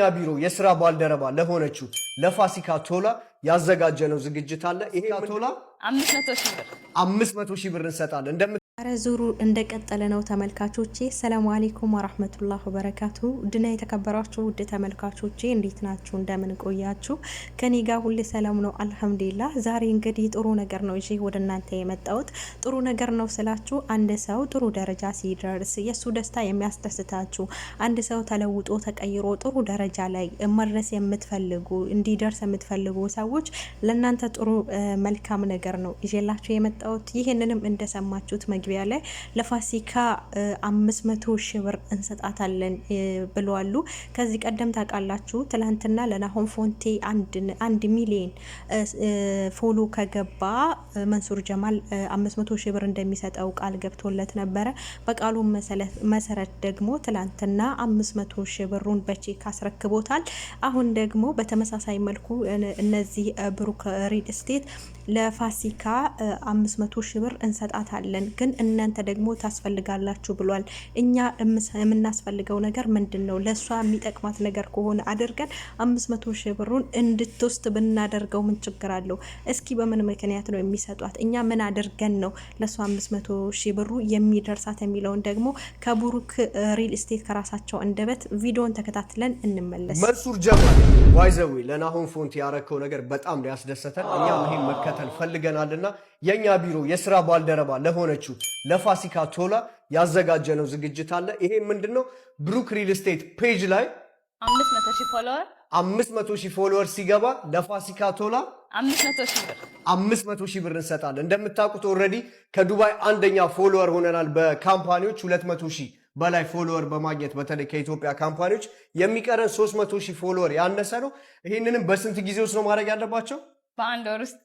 ያ ቢሮ የስራ ባልደረባ ለሆነችው ለፋሲካ ቶላ ያዘጋጀነው ዝግጅት አለ። ይሄ ቶላ አምስት መቶ ሺህ ብር እንሰጣለን። አረ ዙሩ እንደቀጠለ ነው ተመልካቾቼ። ሰላሙ አሌይኩም ወራህመቱላህ ወበረካቱ ድና የተከበራችሁ ውድ ተመልካቾቼ እንዴት ናችሁ? እንደምን ቆያችሁ? ከኔ ጋር ሁሌ ሰላም ነው አልሐምዱሊላ። ዛሬ እንግዲህ ጥሩ ነገር ነው ይዤ ወደ እናንተ የመጣሁት። ጥሩ ነገር ነው ስላችሁ አንድ ሰው ጥሩ ደረጃ ሲደርስ የእሱ ደስታ የሚያስደስታችሁ፣ አንድ ሰው ተለውጦ ተቀይሮ ጥሩ ደረጃ ላይ መድረስ የምትፈልጉ እንዲደርስ የምትፈልጉ ሰዎች ለእናንተ ጥሩ መልካም ነገር ነው ይዤላችሁ የመጣሁት። ይህንንም እንደሰማችሁት መግቢያ ላይ ለፋሲካ አምስት መቶ ሺህ ብር እንሰጣታለን ብለዋሉ። ከዚህ ቀደም ታውቃላችሁ፣ ትላንትና ለናሆም ፎንቴ አንድ ሚሊዮን ፎሎ ከገባ መንሱር ጀማል አምስት መቶ ሺህ ብር እንደሚሰጠው ቃል ገብቶለት ነበረ። በቃሉ መሰረት ደግሞ ትላንትና አምስት መቶ ሺህ ብሩን በቼክ አስረክቦታል። አሁን ደግሞ በተመሳሳይ መልኩ እነዚህ ብሩክ ሪል ስቴት ለፋሲካ አምስት መቶ ሺህ ብር እንሰጣታለን ግን እናንተ ደግሞ ታስፈልጋላችሁ ብሏል። እኛ የምናስፈልገው ነገር ምንድን ነው? ለእሷ የሚጠቅማት ነገር ከሆነ አድርገን አምስት መቶ ሺህ ብሩን እንድትወስድ ብናደርገው ምን ችግር አለው? እስኪ በምን ምክንያት ነው የሚሰጧት? እኛ ምን አድርገን ነው ለእሷ አምስት መቶ ሺህ ብሩ የሚደርሳት የሚለውን ደግሞ ከቡሩክ ሪል ስቴት ከራሳቸው አንደበት ቪዲዮን ተከታትለን እንመለስ። መንሱር ጀማል ዋይዘዊ ለናሆም ፎንቲ ያረከው ነገር በጣም ያስደሰተን። እኛም ይህን መከተል ፈልገናልና የእኛ ቢሮ የስራ ባልደረባ ለሆነችው ለፋሲካ ቶላ ያዘጋጀነው ዝግጅት አለ። ይሄ ምንድን ነው? ብሩክ ሪል ስቴት ፔጅ ላይ አምስት መቶ ሺህ ፎሎወር ሲገባ ለፋሲካ ቶላ አምስት መቶ ሺህ ብር እንሰጣለን። እንደምታውቁት ኦልሬዲ ከዱባይ አንደኛ ፎሎወር ሆነናል። በካምፓኒዎች ሁለት መቶ ሺህ በላይ ፎሎወር በማግኘት በተለይ ከኢትዮጵያ ካምፓኒዎች የሚቀረን ሶስት መቶ ሺህ ፎሎወር ያነሰ ነው። ይህንንም በስንት ጊዜ ውስጥ ነው ማድረግ ያለባቸው? በአንድ ወር ውስጥ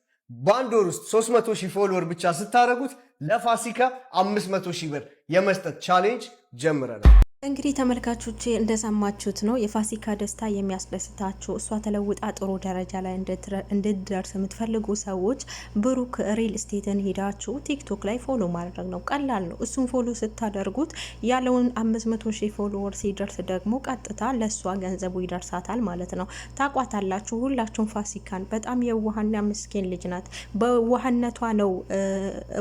በአንድ ወር ውስጥ ሶስት መቶ ሺህ ፎሎወር ብቻ ስታደረጉት ለፋሲካ 500 ሺህ ብር የመስጠት ቻሌንጅ ጀምረናል። እንግዲህ ተመልካቾች እንደሰማችሁት ነው። የፋሲካ ደስታ የሚያስደስታችሁ እሷ ተለውጣ ጥሩ ደረጃ ላይ እንድትደርስ የምትፈልጉ ሰዎች ብሩክ ሪል ስቴትን ሄዳችሁ ቲክቶክ ላይ ፎሎ ማድረግ ነው። ቀላል ነው። እሱን ፎሎ ስታደርጉት ያለውን መቶ ሺህ ፎሎወር ሲደርስ ደግሞ ቀጥታ ለእሷ ገንዘቡ ይደርሳታል ማለት ነው። ታቋታላችሁ ሁላችሁም ፋሲካን። በጣም የዋህና ምስኪን ልጅ ናት። በዋህነቷ ነው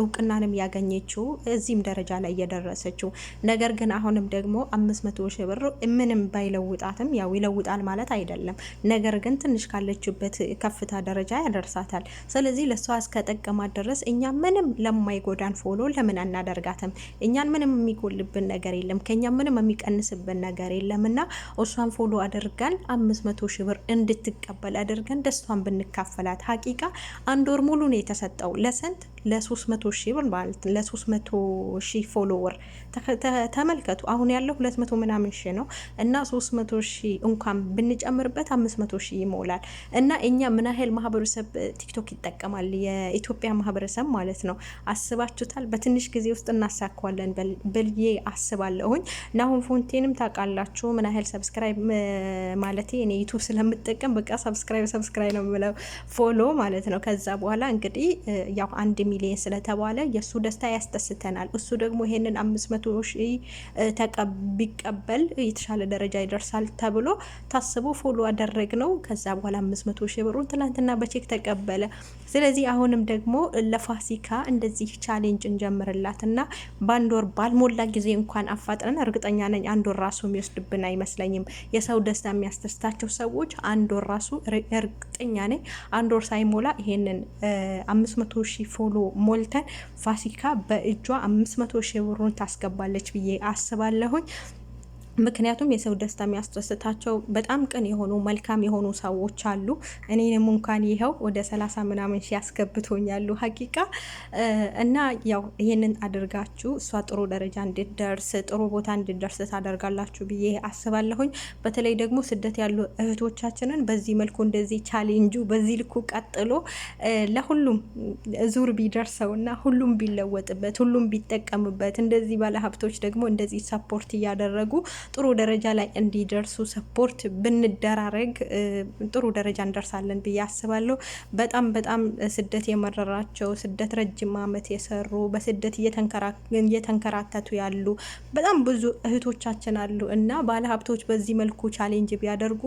እውቅናንም ያገኘችው እዚህም ደረጃ ላይ እየደረሰችው። ነገር ግን አሁንም ደግሞ አምስት መቶ ሺህ ብር ምንም ባይለውጣትም ያው ይለውጣል ማለት አይደለም። ነገር ግን ትንሽ ካለችበት ከፍታ ደረጃ ያደርሳታል። ስለዚህ ለእሷ እስከጠቀማት ድረስ እኛ ምንም ለማይጎዳን ፎሎ ለምን አናደርጋትም? እኛን ምንም የሚጎልብን ነገር የለም፣ ከኛ ምንም የሚቀንስብን ነገር የለም እና እሷን ፎሎ አድርገን አምስት መቶ ሺህ ብር እንድትቀበል አድርገን ደስቷን ብንካፈላት ሀቂቃ አንድ ወር ሙሉ ነው የተሰጠው ለስንት ለ300 ሺህ ብር ማለት ለ300 ሺህ ፎሎወር ተመልከቱ። አሁን ያለው 200 ምናምን ሺህ ነው እና 300 ሺህ እንኳን ብንጨምርበት 500 ሺህ ይሞላል እና እኛ ምን ያህል ማህበረሰብ ቲክቶክ ይጠቀማል? የኢትዮጵያ ማህበረሰብ ማለት ነው። አስባችሁታል? በትንሽ ጊዜ ውስጥ እናሳካዋለን ብዬ አስባለሁኝ። ናሁን ፎንቴንም ታውቃላችሁ ምን ያህል ሰብስክራይብ ማለት እኔ ዩቱብ ስለምጠቀም በቃ ሰብስክራይብ ሰብስክራይብ ነው የምለው ፎሎ ማለት ነው። ከዛ በኋላ እንግዲህ ያው አንድ ሚሊየን ስለተባለ የእሱ ደስታ ያስደስተናል። እሱ ደግሞ ይሄንን አምስት መቶ ሺህ ቢቀበል የተሻለ ደረጃ ይደርሳል ተብሎ ታስቦ ፎሎ አደረግ ነው። ከዛ በኋላ አምስት መቶ ሺህ ብሩን ትናንትና በቼክ ተቀበለ። ስለዚህ አሁንም ደግሞ ለፋሲካ እንደዚህ ቻሌንጅ እንጀምርላት እና በአንድ ወር ባልሞላ ጊዜ እንኳን አፋጥነን እርግጠኛ ነኝ አንድ ወር ራሱ የሚወስድብን አይመስለኝም። የሰው ደስታ የሚያስደስታቸው ሰዎች አንድ ወር ራሱ እርግጠኛ ነኝ አንድ ወር ሳይሞላ ይሄንን አምስት መቶ ሺህ ፎሎ ሞልተን ፋሲካ በእጇ 500 ሺህ ብሩን ታስገባለች ብዬ አስባለሁኝ። ምክንያቱም የሰው ደስታ የሚያስደስታቸው በጣም ቅን የሆኑ መልካም የሆኑ ሰዎች አሉ። እኔንም እንኳን ይኸው ወደ ሰላሳ ምናምን ሺ ያስገብቶኛሉ ሀቂቃ እና ያው ይህንን አድርጋችሁ እሷ ጥሩ ደረጃ እንድደርስ ጥሩ ቦታ እንድደርስ ታደርጋላችሁ ብዬ አስባለሁኝ። በተለይ ደግሞ ስደት ያሉ እህቶቻችንን በዚህ መልኩ እንደዚህ ቻሌንጁ በዚህ ልኩ ቀጥሎ ለሁሉም ዙር ቢደርሰውና ሁሉም ቢለወጥበት፣ ሁሉም ቢጠቀምበት እንደዚህ ባለሀብቶች ደግሞ እንደዚህ ሰፖርት እያደረጉ ጥሩ ደረጃ ላይ እንዲደርሱ ሰፖርት ብንደራረግ ጥሩ ደረጃ እንደርሳለን ብዬ አስባለሁ። በጣም በጣም ስደት የመረራቸው ስደት ረጅም ዓመት የሰሩ በስደት እየተንከራተቱ ያሉ በጣም ብዙ እህቶቻችን አሉ እና ባለሀብቶች በዚህ መልኩ ቻሌንጅ ቢያደርጉ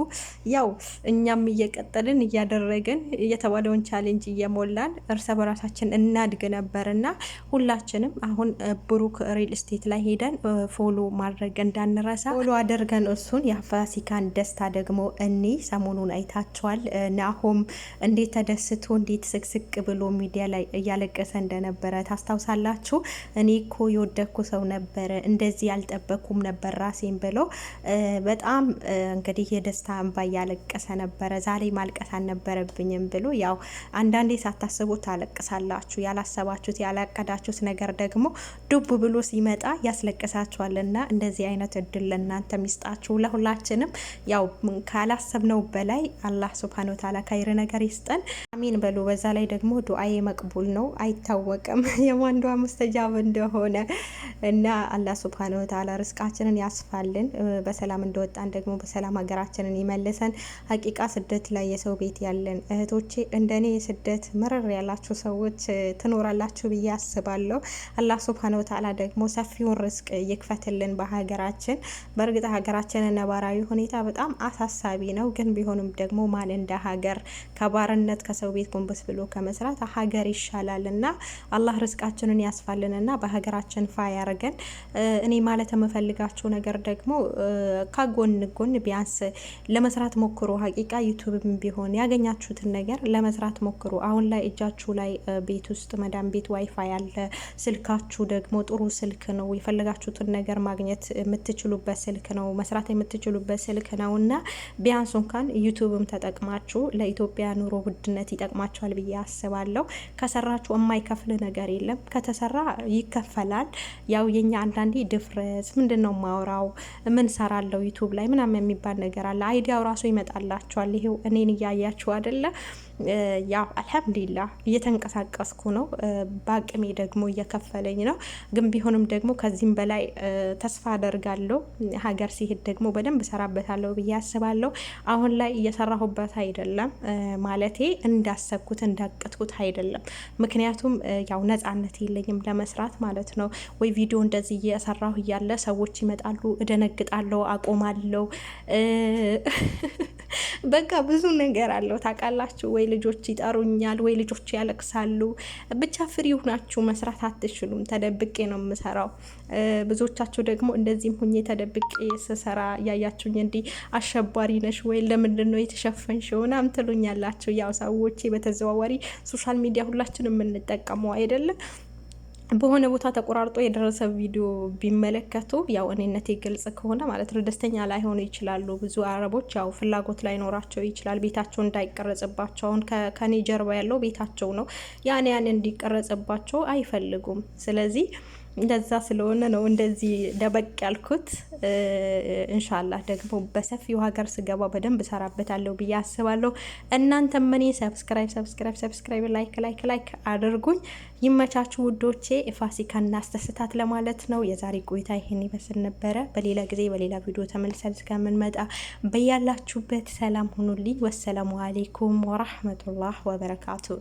ያው እኛም እየቀጠልን እያደረግን የተባለውን ቻሌንጅ እየሞላን እርሰ በራሳችን እናድግ ነበር እና ሁላችንም አሁን ብሩክ ሪል ስቴት ላይ ሄደን ፎሎ ማድረግ እንዳንረሳ ፎሎ አድርገን እሱን የፋሲካን ደስታ ደግሞ እኔ ሰሞኑን አይታችኋል። ናሆም እንዴት ተደስቶ እንዴት ስቅስቅ ብሎ ሚዲያ ላይ እያለቀሰ እንደነበረ ታስታውሳላችሁ። እኔ እኮ የወደኩ ሰው ነበረ፣ እንደዚህ ያልጠበኩም ነበር ራሴን ብሎ በጣም እንግዲህ የደስታ እንባ እያለቀሰ ነበረ። ዛሬ ማልቀስ አልነበረብኝም ብሎ ያው አንዳንዴ ሳታስቡ ታለቅሳላችሁ። ያላሰባችሁት ያላቀዳችሁት ነገር ደግሞ ዱብ ብሎ ሲመጣ ያስለቅሳችኋልና እንደዚህ አይነት እድል ለእናንተ ሚስጣችሁ ለሁላችንም። ያው ካላሰብነው በላይ አላህ ሱብሃነ ወተዓላ ካይር ነገር ይስጠን። አሚን በሉ። በዛ ላይ ደግሞ ዱአዬ መቅቡል ነው፣ አይታወቅም የማን ዱአ ሙስተጃብ እንደሆነ እና አላህ ሱብሃነ ወተዓላ ርስቃችንን ያስፋልን። በሰላም እንደወጣን ደግሞ በሰላም ሀገራችንን ይመልሰን። ሀቂቃ ስደት ላይ የሰው ቤት ያለን እህቶቼ እንደኔ ስደት ምርር ያላችሁ ሰዎች ትኖራላችሁ ብዬ አስባለሁ። አላህ ሱብሃነ ወተዓላ ደግሞ ሰፊውን ርስቅ ይክፈትልን በሀገራችን። በእርግጥ ሀገራችን ነባራዊ ሁኔታ በጣም አሳሳቢ ነው። ግን ቢሆንም ደግሞ ማን እንደ ሀገር ከባርነት ከሰው ቤት ጎንበስ ብሎ ከመስራት ሀገር ይሻላል እና አላህ ርስቃችንን ያስፋልን እና በሀገራችን ፋ ያርገን። እኔ ማለት የምፈልጋችሁ ነገር ደግሞ ከጎን ጎን ቢያንስ ለመስራት ሞክሩ። ሀቂቃ ዩቱብም ቢሆን ያገኛችሁትን ነገር ለመስራት ሞክሩ። አሁን ላይ እጃችሁ ላይ ቤት ውስጥ መዳም ቤት ዋይፋይ ያለ ስልካችሁ ደግሞ ጥሩ ስልክ ነው። የፈለጋችሁትን ነገር ማግኘት የምትችሉበት የምትችሉበት ስልክ ነው፣ መስራት የምትችሉበት ስልክ ነው እና ቢያንስ እንኳን ዩቱብም ተጠቅማችሁ ለኢትዮጵያ ኑሮ ውድነት ይጠቅማችኋል ብዬ አስባለሁ። ከሰራችሁ የማይከፍል ነገር የለም፣ ከተሰራ ይከፈላል። ያው የኛ አንዳንዴ ድፍረት ምንድን ነው ማውራው ምን ሰራለው ዩቱብ ላይ ምናምን የሚባል ነገር አለ። አይዲያው ራሱ ይመጣላችኋል። ይሄው እኔን እያያችሁ አይደለ ያው አልሐምዱሊላ እየተንቀሳቀስኩ ነው። በአቅሜ ደግሞ እየከፈለኝ ነው። ግን ቢሆንም ደግሞ ከዚህም በላይ ተስፋ አደርጋለሁ። ሀገር ሲሄድ ደግሞ በደንብ እሰራበታለሁ ብዬ አስባለሁ። አሁን ላይ እየሰራሁበት አይደለም ማለቴ እንዳሰብኩት እንዳቅጥኩት አይደለም። ምክንያቱም ያው ነጻነት የለኝም ለመስራት ማለት ነው። ወይ ቪዲዮ እንደዚህ እየሰራሁ እያለ ሰዎች ይመጣሉ፣ እደነግጣለሁ፣ አቆማለሁ። በቃ ብዙ ነገር አለው ታውቃላችሁ ወይ ልጆች ይጠሩኛል ወይ ልጆች ያለቅሳሉ። ብቻ ፍሪ ሁናችሁ መስራት አትችሉም። ተደብቄ ነው የምሰራው። ብዙዎቻችሁ ደግሞ እንደዚህም ሁኜ ተደብቄ ስሰራ እያያችሁኝ እንዲህ አሸባሪ ነሽ ወይ ለምንድን ነው የተሸፈንሽ ምናምን ትሉኛላችሁ። ያው ሰዎች በተዘዋዋሪ ሶሻል ሚዲያ ሁላችን የምንጠቀመው አይደለም። በሆነ ቦታ ተቆራርጦ የደረሰ ቪዲዮ ቢመለከቱ ያው እኔነቴ ግልጽ ከሆነ ማለት ነው ደስተኛ ላይሆኑ ይችላሉ። ብዙ አረቦች ያው ፍላጎት ላይኖራቸው ይችላል ቤታቸው እንዳይቀረጽባቸው። አሁን ከኔ ጀርባ ያለው ቤታቸው ነው። ያን ያን እንዲቀረጽባቸው አይፈልጉም። ስለዚህ እንደዛ ስለሆነ ነው እንደዚህ ደበቅ ያልኩት። እንሻላ ደግሞ በሰፊው ሀገር ስገባ በደንብ እሰራበታለሁ ብዬ አስባለሁ። እናንተም እኔ ሰብስክራይብ ሰብስክራይብ ሰብስክራይብ ላይክ ላይክ ላይክ አድርጉኝ። ይመቻችሁ ውዶቼ። ፋሲካና አስተስታት ለማለት ነው። የዛሬ ቆይታ ይህን ይመስል ነበረ። በሌላ ጊዜ በሌላ ቪዲዮ ተመልሰን እስከምንመጣ በያላችሁበት ሰላም ሁኑልኝ። ወሰላሙ አሌይኩም ወራህመቱላህ ወበረካቱ